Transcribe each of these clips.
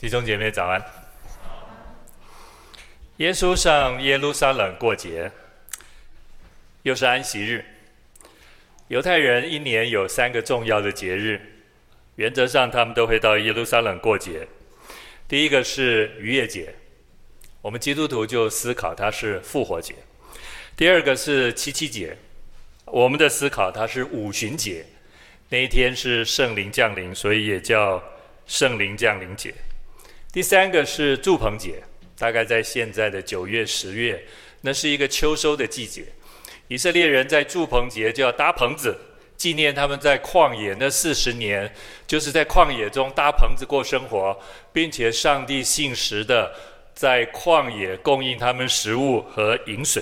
弟兄姐妹早安。耶穌上耶路撒冷過節，又是安息日。猶太人一年有三個重要的節日，原則上他們都會到耶路撒冷過節。第一個是逾越節，我們基督徒就思考它是復活節；第二個是七七節，我們的思考它是五旬節，那一天是聖靈降臨，所以也叫聖靈降臨節。第三個是住棚節，大概在現在的九月十月，那是一個秋收的季節。以色列人在住棚節就要搭棚子，紀念他們在曠野那四十年，就是在曠野中搭棚子過生活，並且上帝信實的在曠野供應他們食物和飲水。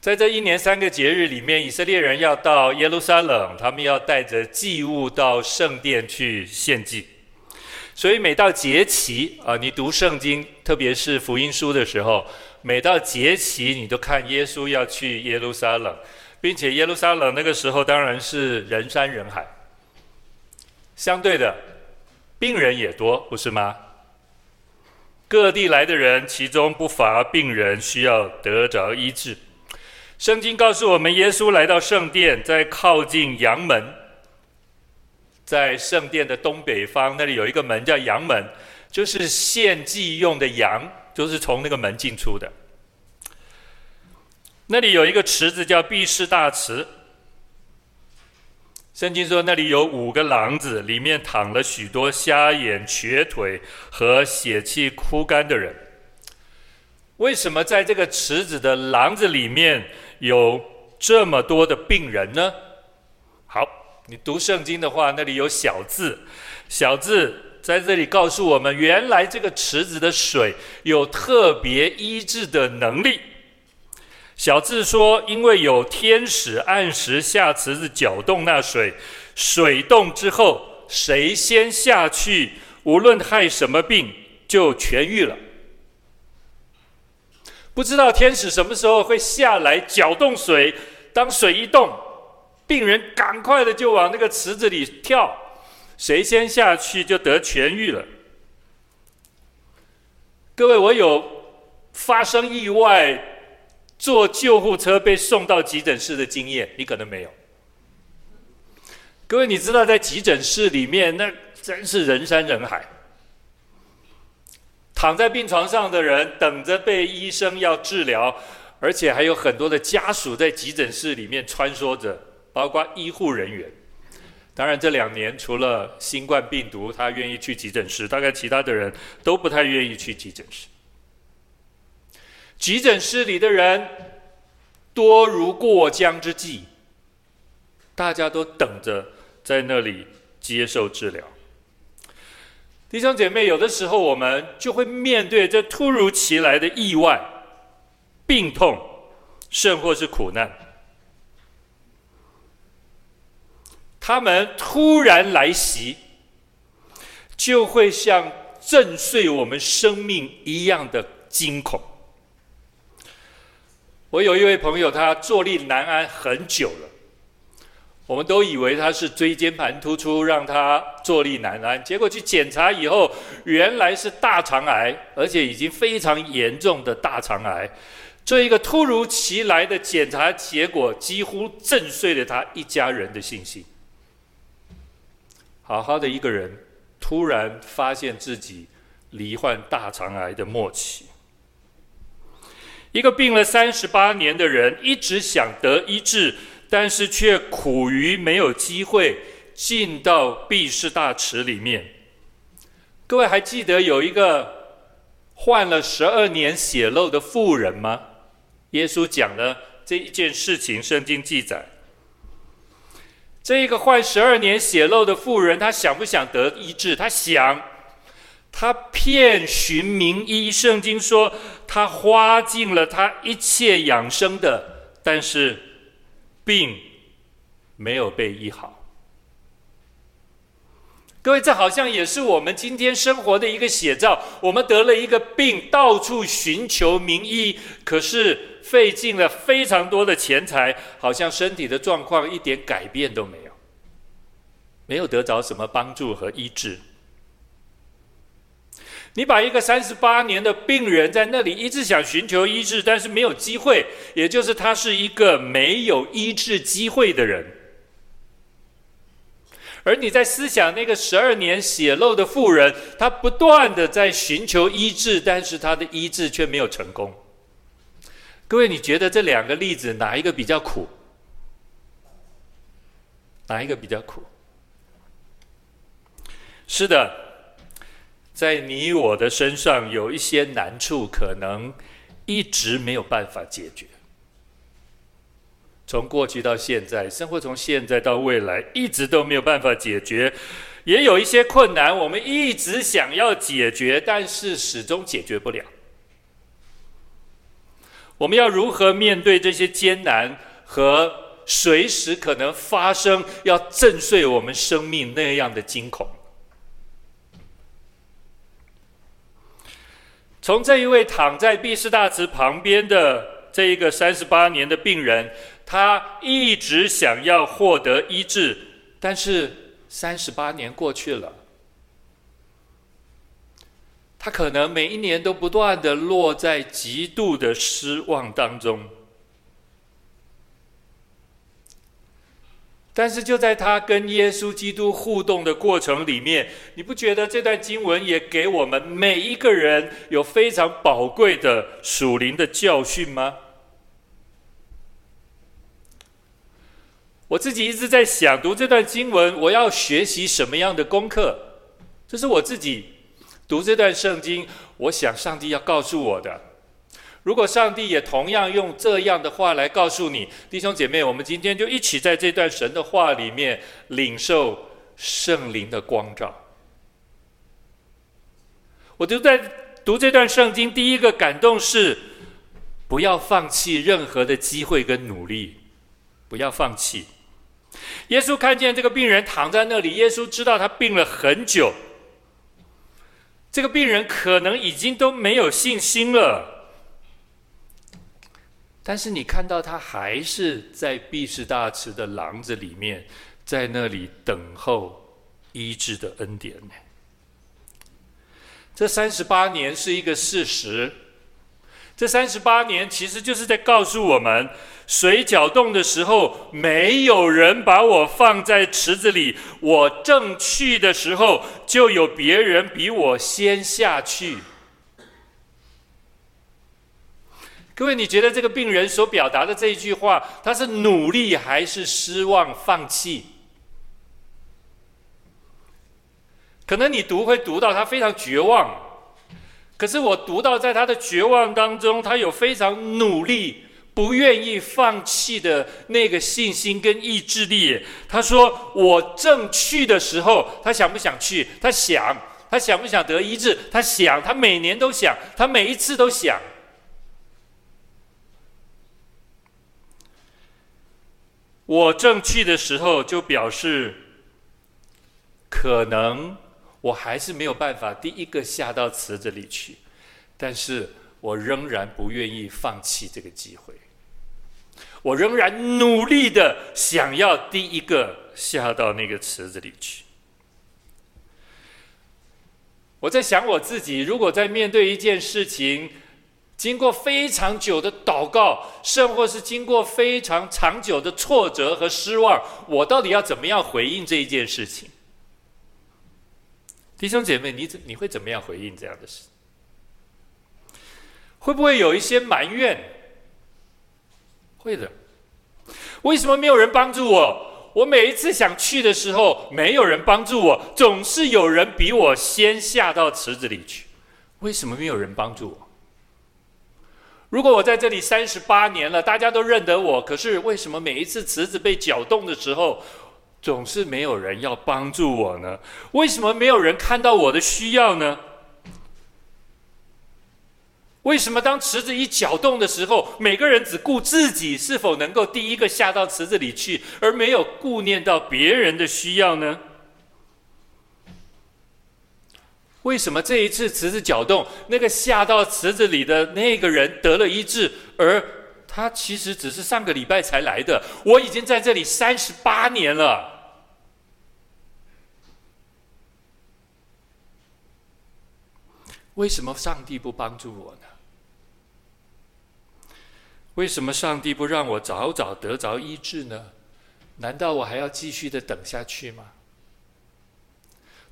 在這一年三個節日裡面，以色列人要到耶路撒冷，他們要帶着祭物到聖殿去獻祭。所以每到節期啊，你讀聖經，特別是福音書的時候，每到節期，你都看耶穌要去耶路撒冷，並且耶路撒冷那個時候當然是人山人海。相對的，病人也多，不是嗎？各地來的人，其中不乏病人需要得着醫治。聖經告訴我們，耶穌來到聖殿，在靠近羊門。在聖殿的東北方，那裡有一個門叫羊門，就是獻祭用的羊，就是從那個門進出的。那裡有一個池子叫畢士大池，聖經說那裡有五個廊子，裡面躺了許多瞎眼、瘸腿和血氣枯乾的人。為什麼在這個池子的廊子裡面有這麼多的病人呢？你讀聖經的話，那裡有小字，小字在這裡告訴我們，原來這個池子的水有特別醫治的能力。小字說，因為有天使按時下池子攪動那水，水動之後，誰先下去，無論害什麼病，就痊癒了。不知道天使什麼時候會下來攪動水，當水一動，病人趕快的就往那個池子裡跳，誰先下去就得痊癒了。各位，我有發生意外坐救護車被送到急診室的經驗，你可能沒有。各位，你知道在急診室裡面，那真是人山人海，躺在病床上的人等着被醫生要治療，而且還有很多的家屬在急診室裡面穿梭着。包括醫護人員，當然這兩年除了新冠病毒，他願意去急診室，大概其他的人都不太願意去急診室。急診室裡的人多如過江之鯽，大家都等着在那裡接受治療。弟兄姐妹，有的時候我們就會面對這突如其來的意外、病痛，甚或是苦難。他們突然來襲，就會像震碎我們生命一樣的驚恐。我有一位朋友，他坐立難安很久了。我們都以為他是椎間盤突出讓他坐立難安，結果去檢查以後，原來是大腸癌，而且已經非常嚴重的大腸癌。這一個突如其來的檢查結果，幾乎震碎了他一家人的信心。好好的一個人，突然發現自己罹患大腸癌的末期。一個病了三十八年的人，一直想得醫治，但是卻苦於沒有機會進到畢士大池裡面。各位還記得有一個患了十二年血漏的婦人嗎？耶穌講了這一件事情，聖經記載。這個患十二年血漏的婦人，她想不想得醫治？她想，她遍尋名醫。聖經說，她花盡了她一切養生的，但是病沒有被醫好。各位，這好像也是我們今天生活的一個寫照。我們得了一個病，到處尋求名醫，可是費盡了非常多的錢財，好像身體的狀況一點改變都沒有，沒有得着什麼幫助和醫治。你把一個三十八年的病人在那裡一直想尋求醫治，但是沒有機會，也就是他是一個沒有醫治機會的人。而你在思想那個十二年血漏的婦人，她不斷的在尋求醫治，但是她的醫治卻沒有成功。各位，你覺得這兩個例子哪一個比較苦？哪一個比較苦？是的，在你我的身上有一些難處，可能一直沒有辦法解決，從過去到現在，生活從現在到未來，一直都沒有辦法解決，也有一些困難，我們一直想要解決，但是始終解決不了。我們要如何面對這些艱難和隨時可能發生要震碎我們生命那樣的驚恐？從這一位躺在畢士大池旁邊的這一個三十八年的病人。他一直想要獲得醫治，但是三十八年過去了，他可能每一年都不斷的落在極度的失望當中。但是就在他跟耶穌基督互動的過程裡面，你不覺得這段經文也給我們每一個人有非常寶貴的屬靈的教訓嗎？我自己一直在想讀這段經文，我要學習什麼樣的功課？這是我自己讀這段聖經，我想上帝要告訴我的。如果上帝也同樣用這樣的話來告訴你，弟兄姐妹，我們今天就一起在這段神的話裡面領受聖靈的光照。我就在讀這段聖經，第一個感動是不要放棄任何的機會跟努力，不要放棄。耶穌看見這個病人躺在那裡，耶穌知道他病了很久，這個病人可能已經都沒有信心了，但是你看到他還是在畢士大池的廊子裡面，在那裡等候醫治的恩典呢。這三十八年是一個事實。這三十八年，其實就是在告訴我們：水攪動的時候，沒有人把我放在池子裡；我正去的時候，就有別人比我先下去。各位，你覺得這個病人所表達的這一句話，他是努力還是失望、放棄？可能你讀會讀到他非常絕望。可是我讀到，在他的絕望當中，他有非常努力、不願意放棄的那個信心跟意志力。他說：“我正去的時候，他想不想去？他想。他想不想得醫治？他想。他每年都想，他每一次都想。我正去的時候，就表示可能。”我還是沒有辦法第一個下到池子裡去，但是我仍然不願意放棄這個機會，我仍然努力的想要第一個下到那個池子裡去。我在想我自己，如果在面對一件事情，經過非常久的禱告，甚或是經過非常長久的挫折和失望，我到底要怎麼樣回應這一件事情？弟兄姐妹，你怎你會怎麼樣回應這樣的事？會不會有一些埋怨？會的。為什麼沒有人幫助我？我每一次想去的時候，沒有人幫助我，總是有人比我先下到池子裡去。為什麼沒有人幫助我？如果我在這裡三十八年了，大家都認得我，可是為什麼每一次池子被攪動的時候，總是沒有人要幫助我呢？為什麼沒有人看到我的需要呢？為什麼當池子一攪動的時候，每個人只顧自己是否能夠第一個下到池子裡去，而沒有顧念到別人的需要呢？為什麼這一次池子攪動，那個下到池子裡的那個人得了醫治，而他其實只是上個禮拜才來的？我已經在這裡三十八年了。為什麼上帝不幫助我呢？為什麼上帝不讓我早早得着醫治呢？難道我還要繼續的等下去嗎？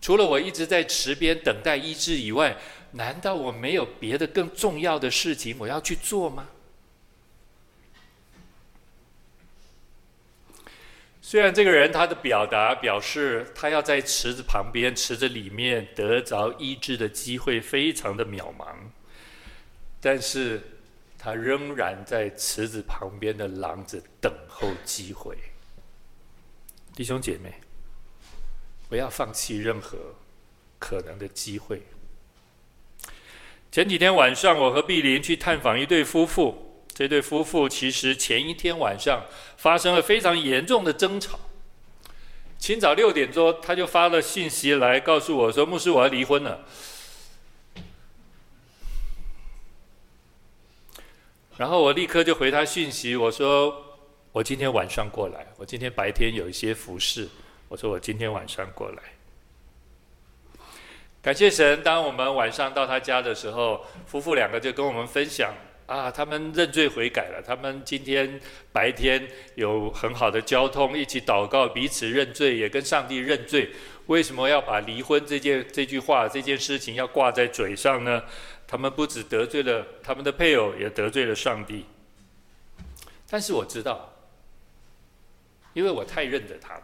除了我一直在池邊等待醫治以外，難道我沒有別的更重要的事情我要去做嗎？雖然這個人他的表達表示他要在池子旁邊，池子裡面得着醫治的機會非常的渺茫，但是他仍然在池子旁邊的廊子等候機會。弟兄姐妹，不要放棄任何可能的機會。前幾天晚上，我和碧琳去探訪一對夫婦。這對夫婦其實前一天晚上發生了非常嚴重的爭吵。清早六點多，他就發了信息來告訴我說：“牧師，我要離婚了。”然後我立刻就回他信息，我說：“我今天晚上過來。我今天白天有一些服侍，我說我今天晚上過來。”感謝神，當我們晚上到他家的時候，夫婦兩個就跟我們分享。啊，他們認罪悔改了。他們今天白天有很好的交通，一起禱告，彼此認罪，也跟上帝認罪。為什麼要把離婚這件、這句話、這件事情要掛在嘴上呢？他們不止得罪了他們的配偶，也得罪了上帝。但是我知道，因為我太認得他們。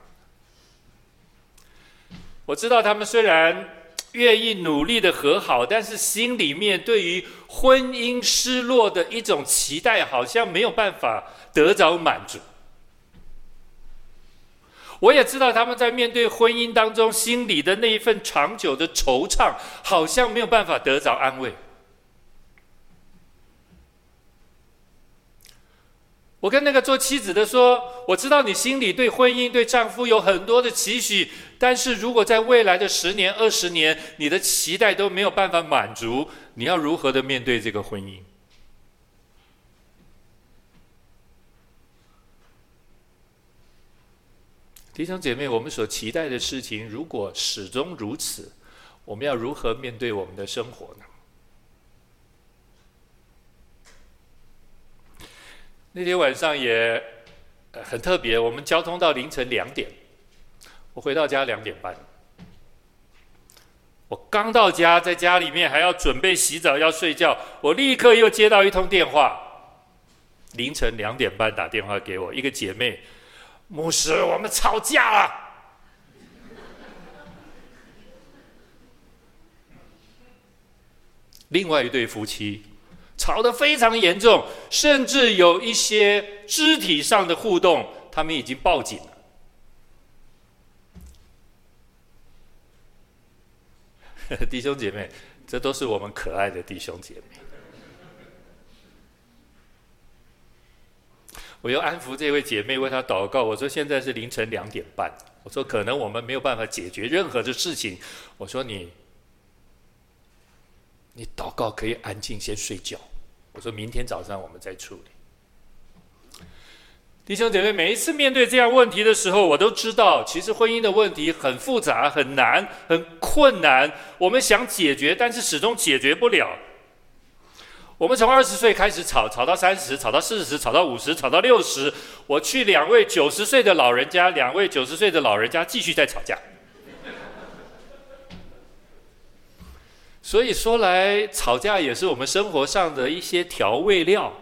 我知道他們雖然，願意努力的和好，但是心裡面對於婚姻失落的一種期待，好像沒有辦法得着滿足。我也知道他們在面對婚姻當中，心裡的那一份長久的惆悵，好像沒有辦法得着安慰。我跟那個做妻子的說：“我知道你心裡對婚姻、對丈夫有很多的期許。”但是如果在未來的十年、二十年，你的期待都沒有辦法滿足，你要如何的面對這個婚姻？弟兄姐妹，我們所期待的事情如果始終如此，我們要如何面對我們的生活呢？那天晚上也很特別，我們交通到凌晨兩點。我回到家兩點半，我剛到家，在家裡面還要準備洗澡、要睡覺，我立刻又接到一通電話，凌晨兩點半打電話給我，一個姐妹，牧師，我們吵架了。 另外一對夫妻吵得非常嚴重，甚至有一些肢體上的互動，他們已經報警了。弟兄姐妹，這都是我們可愛的弟兄姐妹。我又安撫這位姐妹，為她禱告。我說：“現在是凌晨兩點半，我說可能我們沒有辦法解決任何的事情。我說你，你禱告可以安靜先睡覺。我說明天早上我們再處理。”弟兄姐妹，每一次面對這樣問題的時候，我都知道，其實婚姻的問題很複雜、很難、很困難。我們想解決，但是始終解決不了。我們從二十歲開始吵，吵到三十，吵到四十，吵到五十，吵到六十。我去，兩位九十歲的老人家，兩位九十歲的老人家繼續在吵架。所以說來，吵架也是我們生活上的一些調味料。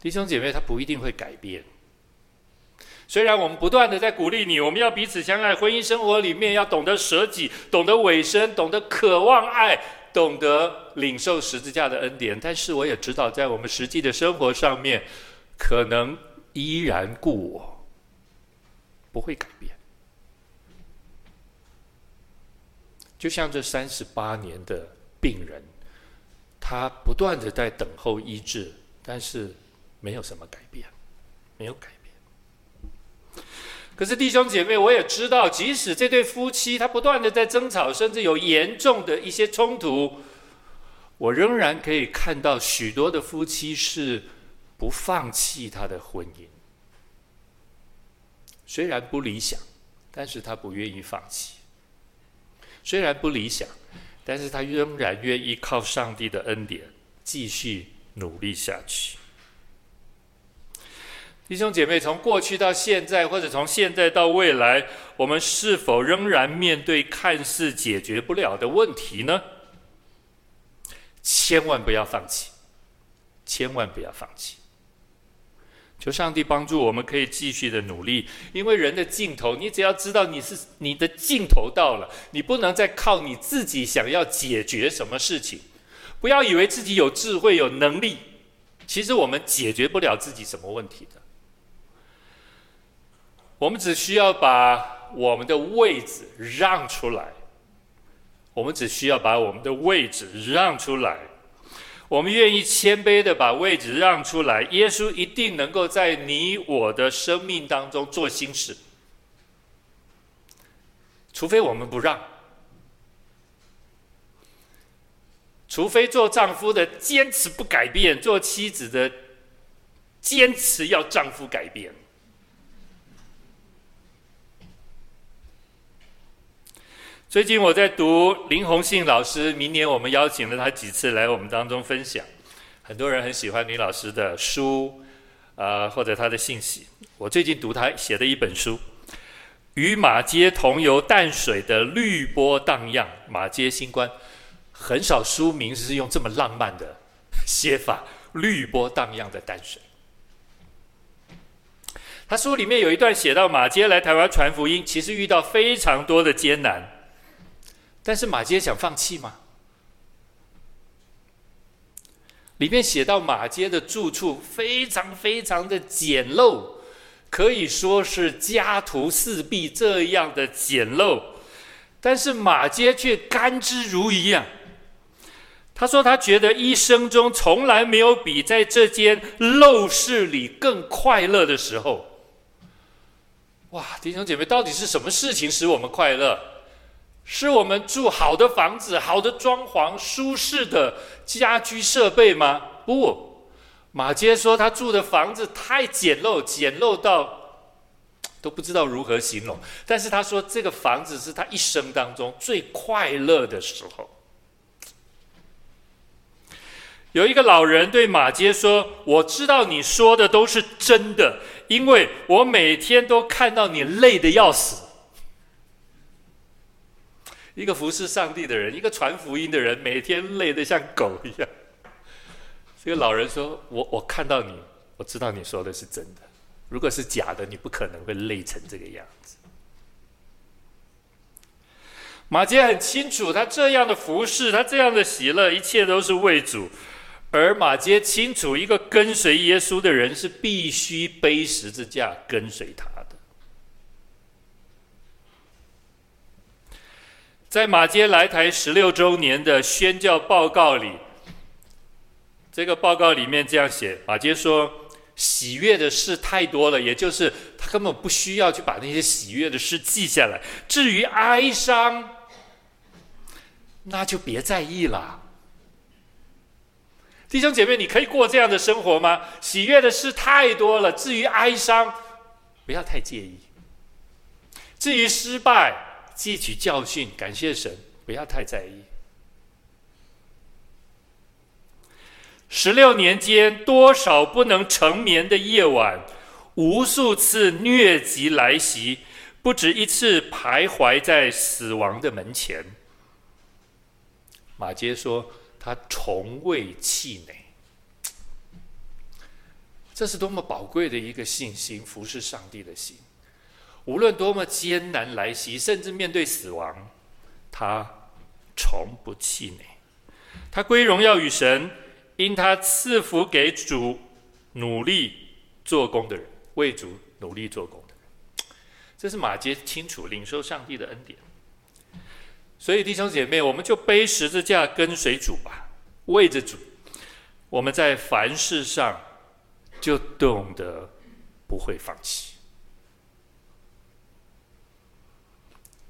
弟兄姐妹，他不一定會改變。雖然我們不斷的在鼓勵你，我們要彼此相愛，婚姻生活裡面要懂得捨己，懂得委身，懂得渴望愛，懂得領受十字架的恩典，但是我也知道，在我們實際的生活上面，可能依然故我，不會改變。就像這三十八年的病人，他不斷的在等候醫治，但是。沒有什麼改變，沒有改變。可是弟兄姐妹，我也知道，即使這對夫妻他不斷的在爭吵，甚至有嚴重的一些衝突，我仍然可以看到許多的夫妻是不放棄他的婚姻。雖然不理想，但是他不願意放棄。雖然不理想，但是他仍然願意靠上帝的恩典繼續努力下去。弟兄姐妹，從過去到現在，或者從現在到未來，我們是否仍然面對看似解決不了的問題呢？千萬不要放棄，千萬不要放棄。求上帝幫助，我們可以繼續的努力。因為人的盡頭，你只要知道你是你的盡頭到了，你不能再靠你自己想要解決什麼事情。不要以為自己有智慧、有能力，其實我們解決不了自己什麼問題的。我們只需要把我們的位置讓出來，我們只需要把我們的位置讓出來，我們願意謙卑的把位置讓出來，耶穌一定能夠在你我的生命當中做新事，除非我們不讓，除非做丈夫的堅持不改變，做妻子的堅持要丈夫改變。最近我在讀林鴻信老師，明年我們邀請了他幾次來我們當中分享，很多人很喜歡林老師的書，啊、呃，或者他的信息。我最近讀他寫的一本書，《與馬偕同遊淡水的綠波蕩漾》，馬偕新官很少書名是用這麼浪漫的寫法，綠波蕩漾的淡水。他書裡面有一段寫到馬偕來台灣傳福音，其實遇到非常多的艱難。但是馬街想放棄嗎？裡面寫到馬街的住處非常非常的簡陋，可以說是家徒四壁這樣的簡陋。但是馬街卻甘之如飴啊。他說他覺得一生中從來沒有比在這間陋室裡更快樂的時候。哇，弟兄姐妹，到底是什麼事情使我們快樂？是我們住好的房子，好的裝潢、舒適的家居設備嗎？不，馬傑說他住的房子太簡陋，簡陋到都不知道如何形容。但是他說，這個房子是他一生當中最快樂的時候。有一個老人對馬傑說：“我知道你說的都是真的，因為我每天都看到你累得要死。”一個服侍上帝的人，一個傳福音的人，每天累得像狗一樣。這個老人說：“我我看到你，我知道你說的是真的。如果是假的，你不可能會累成這個樣子。”馬偕很清楚，他這樣的服侍，他這樣的喜樂，一切都是為主。而馬偕清楚，一個跟隨耶穌的人是必須背十字架跟隨他。在馬偕來台十六周年的宣教報告裡，這個報告裡面這樣寫：馬偕說，喜悅的事太多了，也就是他根本不需要去把那些喜悅的事記下來。至於哀傷，那就別在意了。弟兄姐妹，你可以過這樣的生活嗎？喜悅的事太多了，至於哀傷，不要太介意。至於失敗。汲取教訓，感謝神，不要太在意。十六年間，多少不能成眠的夜晚，無數次瘧疾來襲，不止一次徘徊在死亡的門前。馬傑說：“他從未氣餒。”這是多麼寶貴的一個信心，服侍上帝的心。無論多麼艱難來襲，甚至面對死亡，他從不氣餒。他歸榮耀與神，因他賜福給主努力做工的人，為主努力做工的人。這是馬杰清楚領受上帝的恩典。所以弟兄姐妹，我們就背十字架跟隨主吧，為着主，我們在凡事上就懂得不會放棄。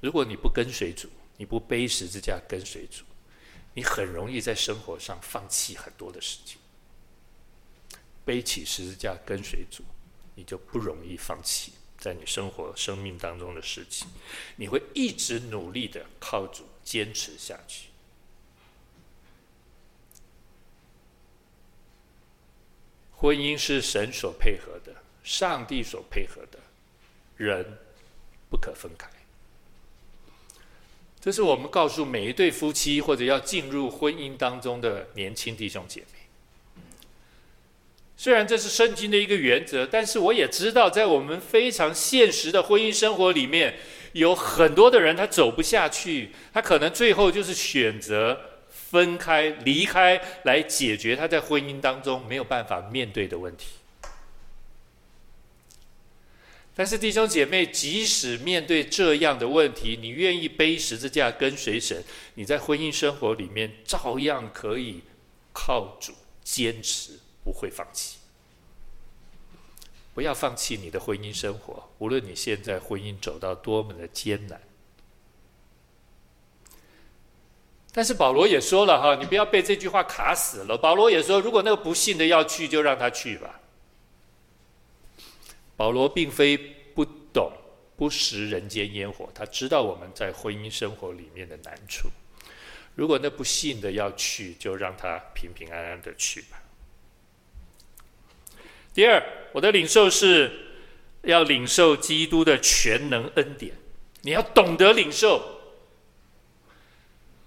如果你不跟隨主，你不背十字架跟隨主，你很容易在生活上放棄很多的事情。背起十字架跟隨主，你就不容易放棄在你生活生命當中的事情，你會一直努力的靠主堅持下去。婚姻是神所配合的，上帝所配合的，人不可分開。這是我們告訴每一對夫妻，或者要進入婚姻當中的年輕弟兄姐妹。雖然這是聖經的一個原則，但是我也知道，在我們非常現實的婚姻生活裡面，有很多的人他走不下去，他可能最後就是選擇分開、離開，來解決他在婚姻當中沒有辦法面對的問題。但是弟兄姐妹，即使面對這樣的問題，你願意背十字架跟隨神，你在婚姻生活裡面照樣可以靠主堅持，不會放棄。不要放棄你的婚姻生活，無論你現在婚姻走到多麼的艱難。但是保羅也說了哈，你不要被這句話卡死了。保羅也說，如果那個不信的要去，就讓他去吧。保羅並非不懂、不食人間煙火，他知道我們在婚姻生活裡面的難處。如果那不信的要去，就讓他平平安安的去吧。第二，我的領受是要領受基督的全能恩典，你要懂得領受。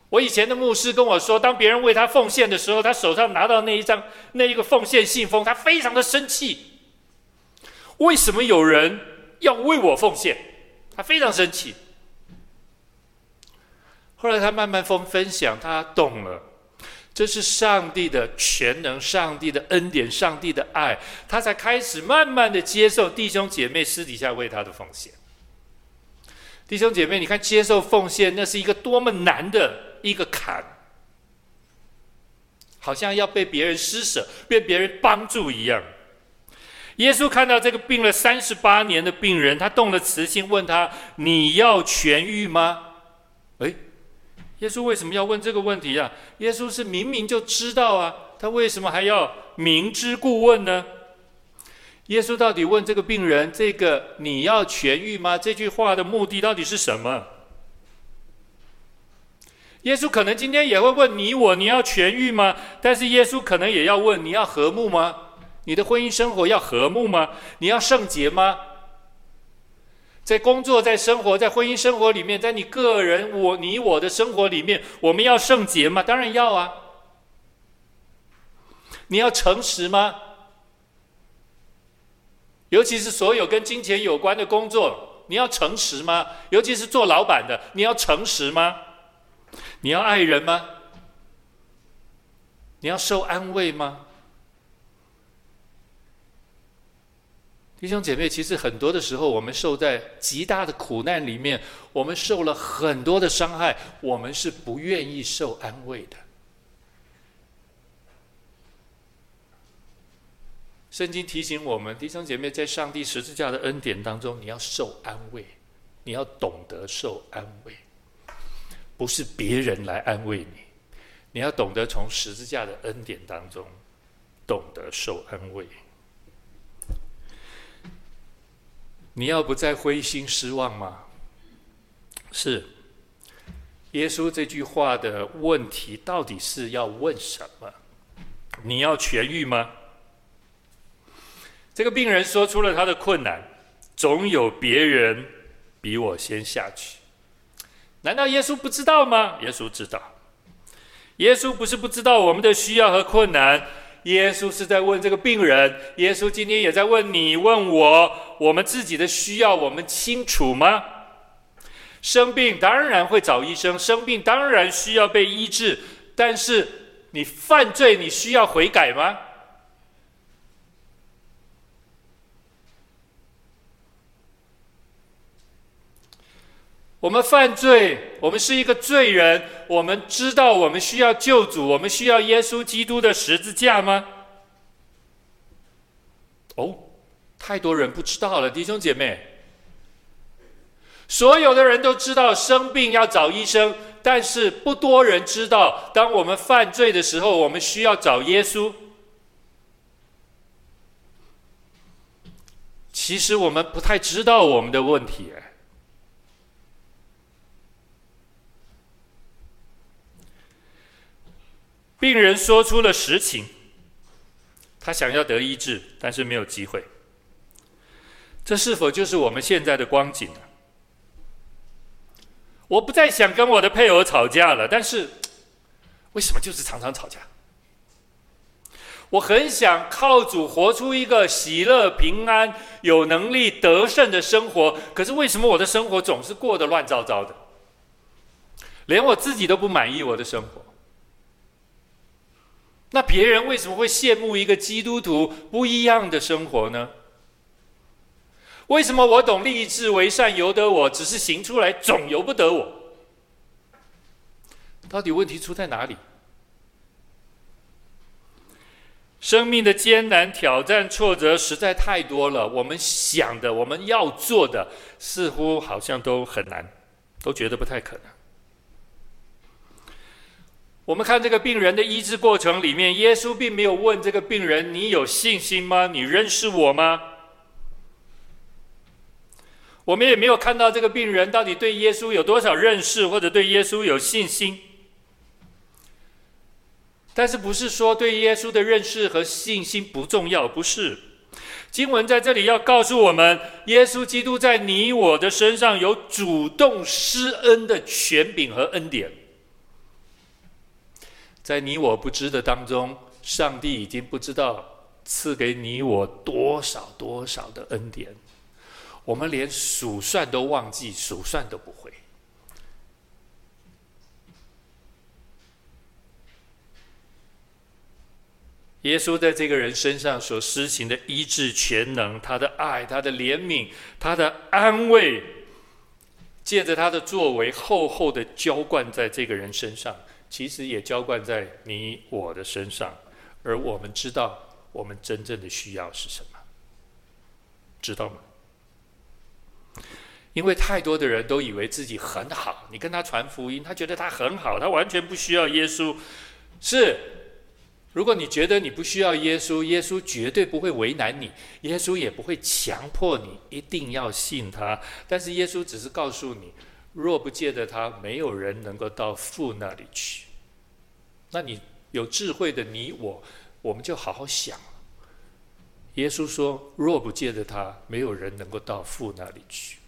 我以前的牧師跟我說，當別人為他奉獻的時候，他手上拿到那一張那一個奉獻信封，他非常的生氣。為什麼有人要為我奉獻？他非常生氣。後來他慢慢分，分享，他懂了，這是上帝的全能、上帝的恩典、上帝的愛，他才開始慢慢的接受弟兄姐妹私底下為他的奉獻。弟兄姐妹，你看，接受奉獻那是一個多麼難的一個坎，好像要被別人施捨、被別人幫助一樣。耶穌看到這個病了三十八年的病人，他動了慈心，問他：“你要痊癒嗎？”誒，耶穌為什麼要問這個問題啊？耶穌是明明就知道啊，他為什麼還要明知故問呢？耶穌到底問這個病人：“這個你要痊癒嗎？”這句話的目的到底是什麼？耶穌可能今天也會問你我：“你要痊癒嗎？”但是耶穌可能也要問：“你要和睦嗎？”你的婚姻生活要和睦嗎？你要聖潔嗎？在工作、在生活、在婚姻生活裡面，在你個人、我、你、我的生活裡面，我們要聖潔嗎？當然要啊。你要誠實嗎？尤其是所有跟金錢有關的工作，你要誠實嗎？尤其是做老闆的，你要誠實嗎？你要愛人嗎？你要受安慰嗎？弟兄姐妹，其實很多的時候，我們受在極大的苦難裡面，我們受了很多的傷害，我們是不願意受安慰的。聖經提醒我們，弟兄姐妹，在上帝十字架的恩典當中，你要受安慰，你要懂得受安慰，不是別人來安慰你，你要懂得從十字架的恩典當中，懂得受安慰。你要不再灰心失望嗎？是，耶穌這句話的問題到底是要問什麼？你要痊癒嗎？這個病人說出了他的困難，總有別人比我先下去。難道耶穌不知道嗎？耶穌知道，耶穌不是不知道我們的需要和困難。耶穌是在問這個病人，耶穌今天也在問你，問我，我們自己的需要，我們清楚嗎？生病當然會找醫生，生病當然需要被醫治，但是你犯罪，你需要悔改嗎？我們犯罪，我們是一個罪人。我們知道我們需要救主，我們需要耶穌基督的十字架嗎？哦，太多人不知道了，弟兄姐妹。所有的人都知道生病要找醫生，但是不多人知道，當我們犯罪的時候，我們需要找耶穌。其實我們不太知道我們的問題。病人說出了實情，他想要得醫治，但是沒有機會。這是否就是我們現在的光景呢啊？我不再想跟我的配偶吵架了，但是為什麼就是常常吵架？我很想靠主活出一個喜樂、平安、有能力、得勝的生活，可是為什麼我的生活總是過得亂糟糟的？連我自己都不滿意我的生活。那別人為什麼會羨慕一個基督徒不一樣的生活呢？為什麼我懂立志為善由得我，只是行出來總由不得我？到底問題出在哪裡？生命的艱難、挑戰、挫折實在太多了，我們想的、我們要做的，似乎好像都很難，都覺得不太可能。我們看這個病人的醫治過程裡面，耶穌並沒有問這個病人“你有信心嗎？你認識我嗎？”我們也沒有看到這個病人到底對耶穌有多少認識或者對耶穌有信心。但是，不是說對耶穌的認識和信心不重要？不是。經文在這裡要告訴我們，耶穌基督在你我的身上有主動施恩的權柄和恩典。在你我不知的當中，上帝已經不知道賜給你我多少多少的恩典，我們連數算都忘記，數算都不會。耶穌在這個人身上所施行的醫治全能，他的愛，他的憐憫，他的安慰，借着他的作為，厚厚的澆灌在這個人身上。其實也澆灌在你我的身上，而我們知道我們真正的需要是什麼，知道嗎？因為太多的人都以為自己很好，你跟他傳福音，他覺得他很好，他完全不需要耶穌。是，如果你覺得你不需要耶穌，耶穌絕對不會為難你，耶穌也不會強迫你一定要信他。但是耶穌只是告訴你。若不藉著他，沒有人能夠到父那裡去。那你有智慧的你我，我們就好好想。耶穌說：“若不藉著他，沒有人能夠到父那裡去。”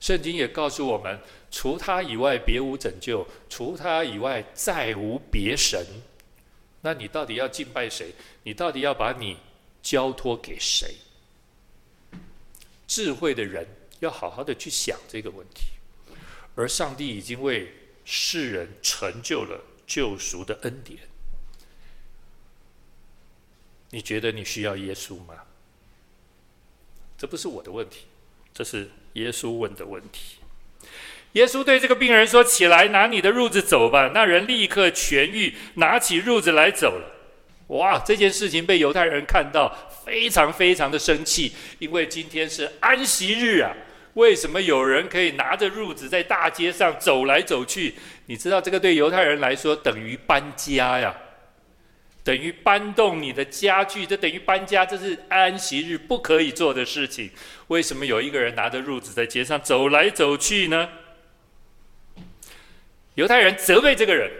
聖經也告訴我們，除他以外別無拯救，除他以外再無別神。那你到底要敬拜誰？你到底要把你交託給誰？智慧的人，要好好的去想這個問題，而上帝已經為世人成就了救贖的恩典。你覺得你需要耶穌嗎？這不是我的問題，這是耶穌問的問題。耶穌對這個病人說：“起來，拿你的褥子走吧。”那人立刻痊癒，拿起褥子來走了。哇！這件事情被猶太人看到，非常非常的生氣，因為今天是安息日啊。為什麼有人可以拿着褥子在大街上走來走去？你知道這個對猶太人來說等於搬家呀，等於搬動你的家具，這等於搬家。這是安息日不可以做的事情。為什麼有一個人拿着褥子在街上走來走去呢？猶太人責備這個人。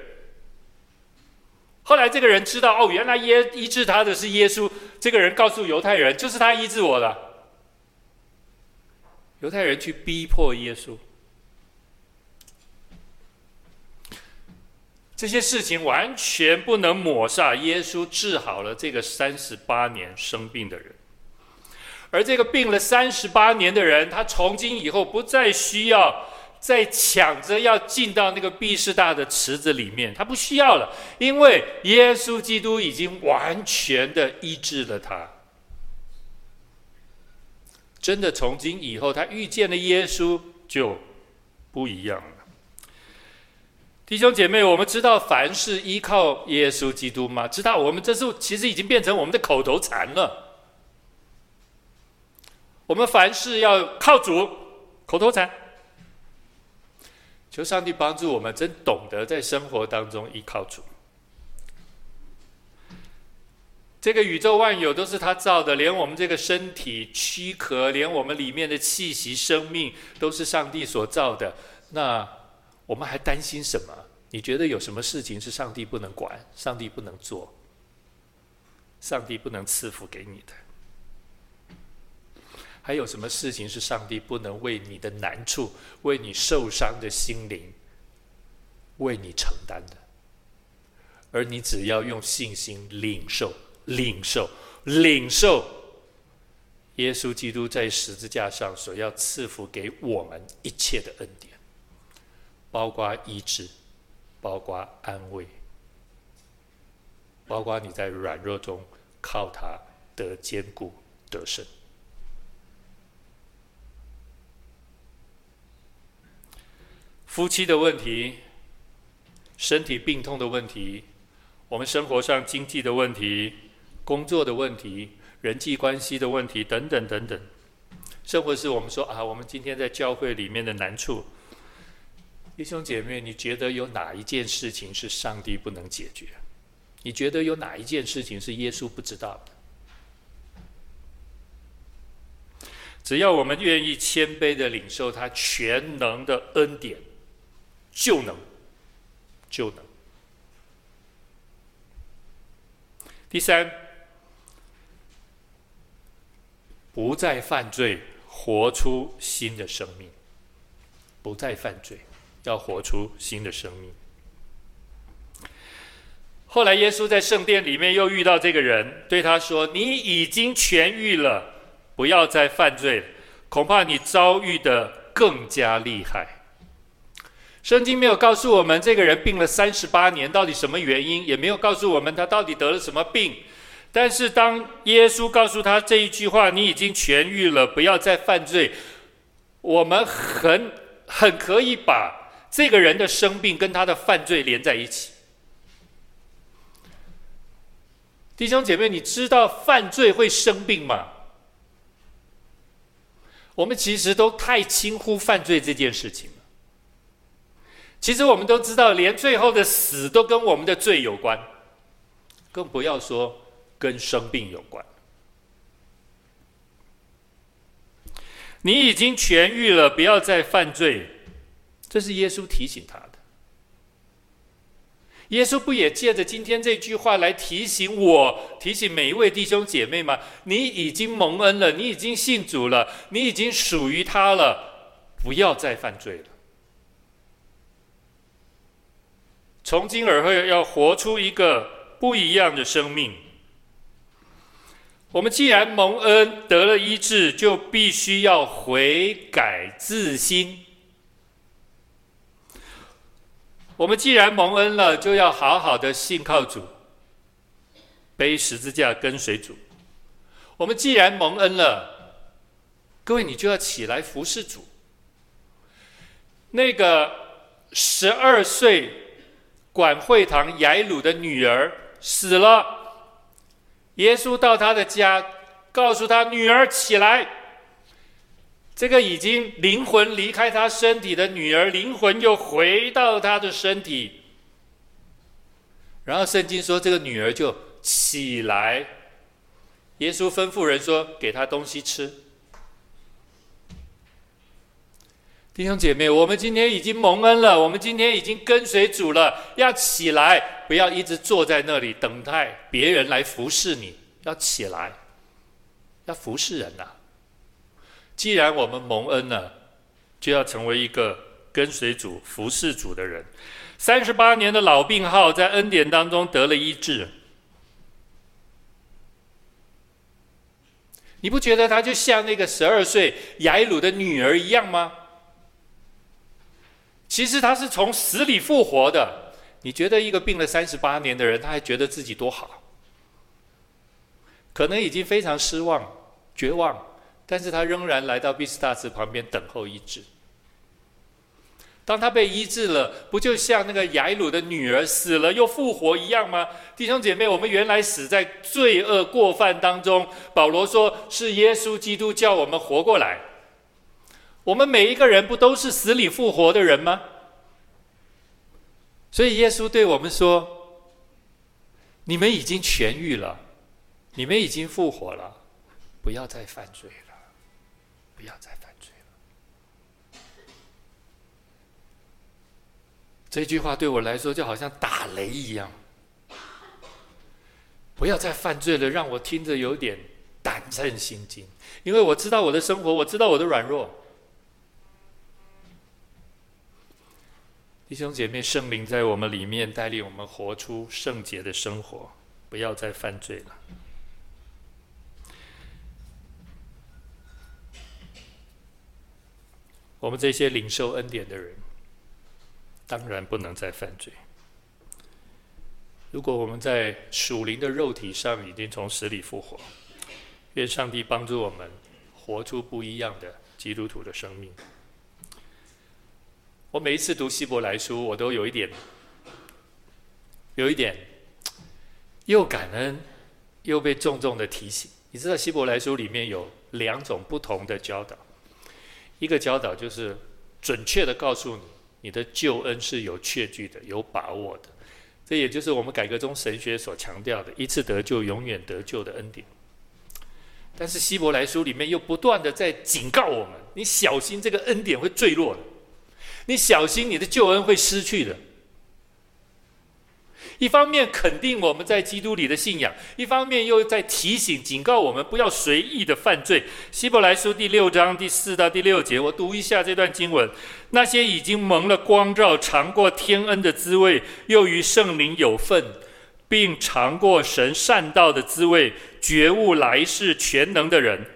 後來這個人知道，哦，原來耶醫治他的是耶穌。這個人告訴猶太人，就是他醫治我的。猶太人去逼迫耶穌，這些事情完全不能抹殺耶穌治好了這個三十八年生病的人，而這個病了三十八年的人，他從今以後不再需要再搶着要進到那個畢士大的池子裡面，他不需要了，因為耶穌基督已經完全的醫治了他。真的，從今以後，他遇見了耶穌就不一樣了。弟兄姐妹，我們知道凡事依靠耶穌基督嗎？知道，我們這次其實已經變成我們的口頭禪了。我們凡事要靠主，口頭禪。求上帝幫助我們，真懂得在生活當中依靠主。這個宇宙萬有都是他造的，連我們這個身體軀殼，連我們裡面的氣息、生命，都是上帝所造的。那我們還擔心什麼？你覺得有什麼事情是上帝不能管、上帝不能做、上帝不能賜福給你的？還有什麼事情是上帝不能為你的難處、為你受傷的心靈、為你承擔的？而你只要用信心領受。領受，領受耶穌基督在十字架上所要賜福給我們一切的恩典，包括醫治，包括安慰，包括你在軟弱中靠他得堅固，得勝。夫妻的問題，身體病痛的問題，我們生活上經濟的問題。工作的問題、人際關係的問題等等等等，甚或是我們說啊，我們今天在教會裡面的難處。弟兄姐妹，你覺得有哪一件事情是上帝不能解決？你覺得有哪一件事情是耶穌不知道的？只要我們願意謙卑的領受他全能的恩典，就能，就能。第三。不再犯罪，活出新的生命；不再犯罪，要活出新的生命。後來，耶穌在聖殿裡面又遇到這個人，對他說：“你已經痊癒了，不要再犯罪，恐怕你遭遇的更加厲害。”聖經沒有告訴我們這個人病了三十八年，到底什麼原因，也沒有告訴我們他到底得了什麼病。但是，當耶穌告訴他這一句話：“你已經痊癒了，不要再犯罪。”我們很很可以把這個人的生病跟他的犯罪連在一起。弟兄姐妹，你知道犯罪會生病嗎？我們其實都太輕忽犯罪這件事情了。其實我們都知道，連最後的死都跟我們的罪有關，更不要說。跟生病有關。你已經痊癒了，不要再犯罪。這是耶穌提醒他的。耶穌不也借着今天這句話來提醒我，提醒每一位弟兄姐妹嗎？你已經蒙恩了，你已經信主了，你已經屬於他了，不要再犯罪了。從今而後要活出一個不一樣的生命。我們既然蒙恩得了醫治，就必須要悔改自新。我們既然蒙恩了，就要好好的信靠主，背十字架跟隨主。我們既然蒙恩了，各位你就要起來服侍主。那個十二歲管會堂睚魯的女兒死了。耶穌到他的家，告訴他女兒起來。這個已經靈魂離開他身體的女兒，靈魂又回到他的身體。然後聖經說，這個女兒就起來。耶穌吩咐人說，給她東西吃。弟兄姐妹，我們今天已經蒙恩了，我們今天已經跟隨主了，要起來，不要一直坐在那裡等待別人來服侍你，要起來，要服侍人吶、啊。既然我們蒙恩了，就要成為一個跟隨主、服侍主的人。三十八年的老病號在恩典當中得了醫治，你不覺得他就像那個十二歲睚魯的女兒一樣嗎？其實他是從死裡復活的。你覺得一個病了三十八年的人，他還覺得自己多好？可能已經非常失望、絕望，但是他仍然來到畢士大池旁邊等候醫治。當他被醫治了，不就像那個雅魯的女兒死了又復活一樣嗎？弟兄姐妹，我們原來死在罪惡過犯當中，保羅說，是耶穌基督叫我們活過來。我們每一個人不都是死裡復活的人嗎？所以耶穌對我們說：“你們已經痊癒了，你們已經復活了，不要再犯罪了，不要再犯罪了。”這句話對我來說就好像打雷一樣，不要再犯罪了，讓我聽着有點膽戰心驚，因為我知道我的生活，我知道我的軟弱。弟兄姐妹，聖靈在我們裡面帶領我們活出聖潔的生活，不要再犯罪了。我們這些領受恩典的人，當然不能再犯罪。如果我們在屬靈的肉體上已經從死裡復活，願上帝幫助我們，活出不一樣的基督徒的生命。我每一次讀希伯來書，我都有一點，有一點，又感恩，又被重重的提醒。你知道，希伯來書裡面有兩種不同的教導，一個教導就是準確的告訴你，你的救恩是有確據的、有把握的，這也就是我們改革宗神學所強調的一次得救、永遠得救的恩典。但是希伯來書裡面又不斷的在警告我們，你小心這個恩典會墜落你小心，你的救恩會失去的。一方面肯定我們在基督裡的信仰，一方面又在提醒、警告我們不要隨意的犯罪。希伯來書第六章第四到第六節，我讀一下這段經文：那些已經蒙了光照、嘗過天恩的滋味，又與聖靈有份，並嘗過神善道的滋味，覺悟來世全能的人，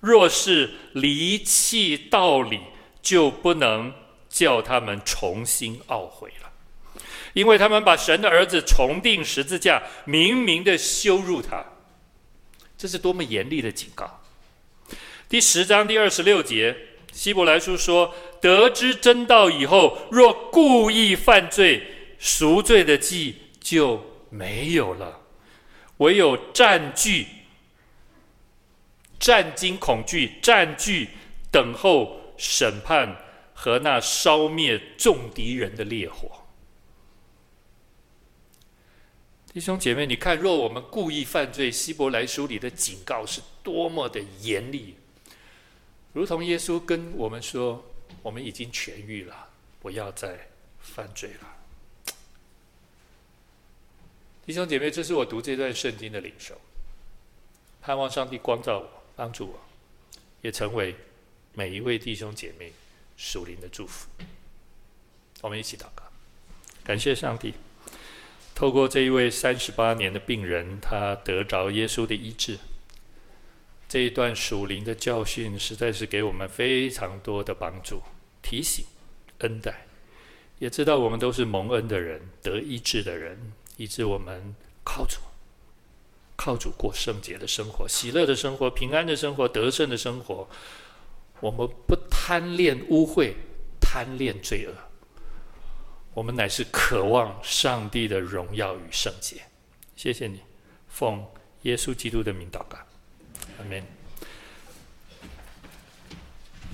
若是離棄道理，就不能。叫他們重新懊悔了，因為他們把神的兒子重釘十字架，明明的羞辱他，這是多麼嚴厲的警告！第十章第二十六節，希伯來書說：得知真道以後，若故意犯罪，贖罪的祭就沒有了，唯有戰兢、戰兢、恐懼、戰兢、等候審判。和那燒滅眾敵人的烈火。弟兄姐妹，你看，若我們故意犯罪，希伯來書裡的警告，是多麼的嚴厲，如同耶穌跟我們說：“我們已經痊癒了，不要再犯罪了。”弟兄姐妹，這是我讀這段聖經的領受，盼望上帝光照我、幫助我，也成為每一位弟兄姐妹。屬靈的祝福，我們一起禱告，感謝上帝。透過這一位三十八年的病人，他得着耶穌的醫治。這一段屬靈的教訓，實在是給我們非常多的幫助、提醒、恩待。也知道我們都是蒙恩的人，得醫治的人，以致我們靠主、靠主過聖潔的生活、喜樂的生活、平安的生活、得勝的生活。我們不貪戀污穢，貪戀罪惡。我們乃是渴望上帝的榮耀與聖潔。謝謝你，奉耶穌基督的名禱告，阿門。